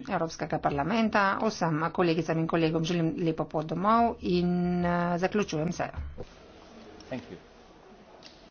Evropskega parlamenta. Vsem kolegicam in kolegom želim lepo pot domov in eh, zaključujem sejo. Thank you.